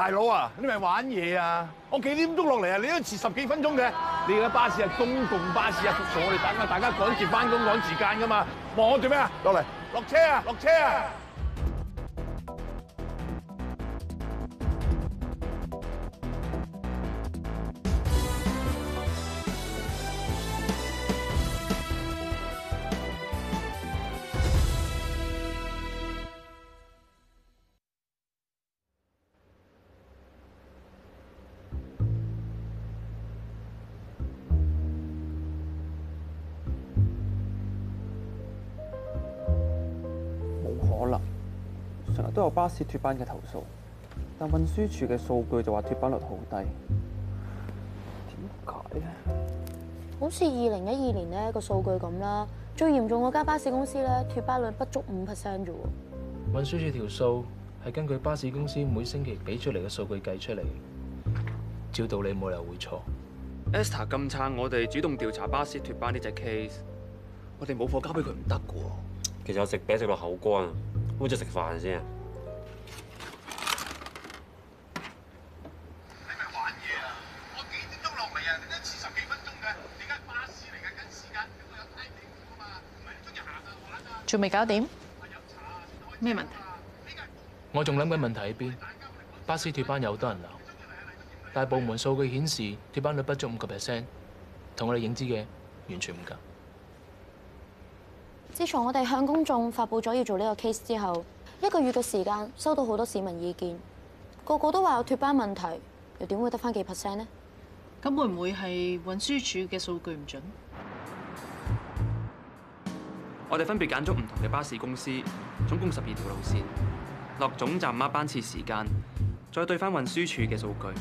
大佬啊，你咪玩嘢啊！我幾點鐘落嚟啊？你都遲十幾分鐘嘅。你嘅巴士係公共巴士啊，叔叔。我哋等啊，大家趕住翻工趕時間噶嘛，望我做咩啊？落嚟，落車啊，落車啊！常常都有巴士脫班嘅投訴，但運輸署嘅數據就話脫班率好低，點解咧？好似二零一二年咧個數據咁啦，最嚴重嗰間巴士公司咧脫班率不足五 percent 啫喎。運輸署條數係根據巴士公司每星期俾出嚟嘅數據計出嚟，照道理冇理由會錯。Esther 咁撐我哋主動調查巴士脫班呢隻 case，我哋冇貨交俾佢唔得噶喎。其實我食餅食到口乾，不如食飯先仲未搞掂？咩問題？我仲諗緊問題喺邊？巴士脫班有好多人留，但係部門數據顯示脫班率不足五個 percent，同我哋認知嘅完全唔同。自從我哋向公眾發佈咗要做呢個 case 之後，一個月嘅時間收到好多市民意見，個個都話有脫班問題，又點會得翻幾 percent 呢？咁會唔會係運輸署嘅數據唔準？我哋分別揀咗唔同嘅巴士公司，總共十二條路線，落總站 mark 班次時間，再對翻運輸署嘅數據。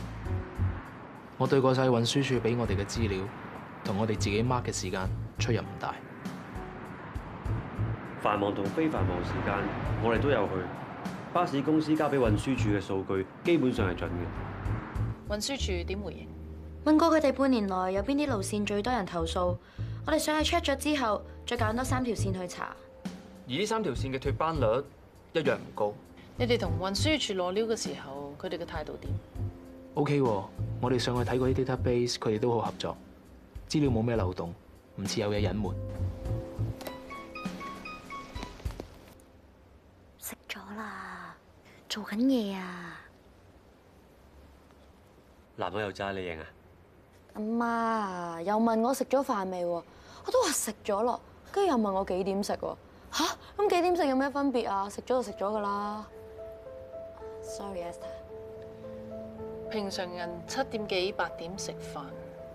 我對過晒運輸署俾我哋嘅資料，同我哋自己 mark 嘅時間出入唔大。繁忙同非繁忙時間我哋都有去，巴士公司交俾運輸署嘅數據基本上係準嘅。運輸署點回應？問過佢哋半年內有邊啲路線最多人投訴？我哋上去 check 咗之後，再揀多三條線去查，而呢三條線嘅脱班率一樣唔高。你哋同運輸處攞料嘅時候，佢哋嘅態度點？OK，我哋上去睇過啲 database，佢哋都好合作，資料冇咩漏洞，唔似有嘢隱瞞。食咗啦，做緊嘢啊！男朋友爭你贏啊！阿媽又問我食咗飯未喎，我都話食咗咯。跟住又問我幾點食喎？吓！咁幾點食有咩分別啊？食咗就食咗㗎啦。Sorry，Esther。平常人七點幾八點食飯，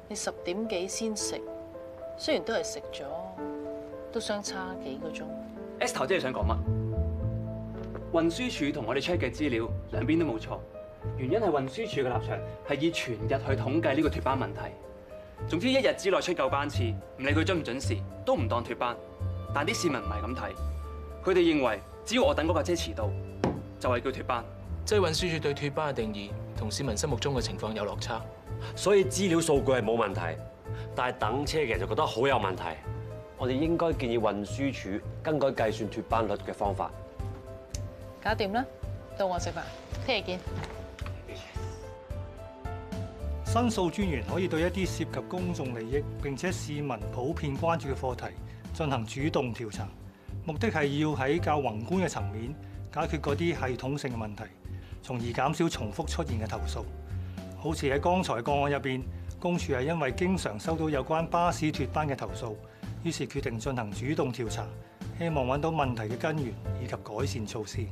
你十點幾先食，雖然都係食咗，都相差幾個鐘。Esther，即係想講乜？運輸署同我哋 check 嘅資料，兩邊都冇錯。原因係運輸署嘅立場係以全日去統計呢個脱班問題。總之一日之內出夠班次，唔理佢準唔準時，都唔當脱班。但啲市民唔係咁睇，佢哋認為只要我等嗰架車遲到，就係叫脱班。即係運輸署對脱班嘅定義同市民心目中嘅情況有落差，所以資料數據係冇問題，但係等車嘅人就覺得好有問題。我哋應該建議運輸署更改計算脱班率嘅方法。搞掂啦，到我食飯，聽日見。申訴專員可以對一啲涉及公眾利益並且市民普遍關注嘅課題進行主動調查，目的係要喺較宏觀嘅層面解決嗰啲系統性嘅問題，從而減少重複出現嘅投訴。好似喺剛才個案入面，公署係因為經常收到有關巴士脫班嘅投訴，於是決定進行主動調查，希望搵到問題嘅根源以及改善措施。